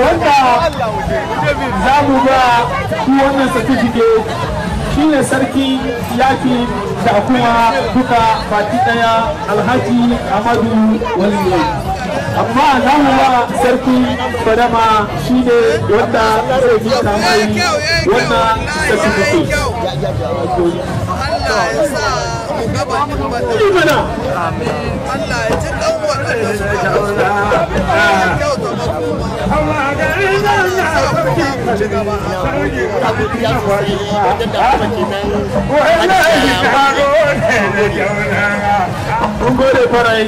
wanda za mu ba shi wannan certificate shine sarki yaki da kuma duka fati daya alhaji amadu waliyo amma za mu ba sarki farama shi ne wanda zai bi kamai wannan certificate Allah ya sa gaba da Allah ya Kun gode farai.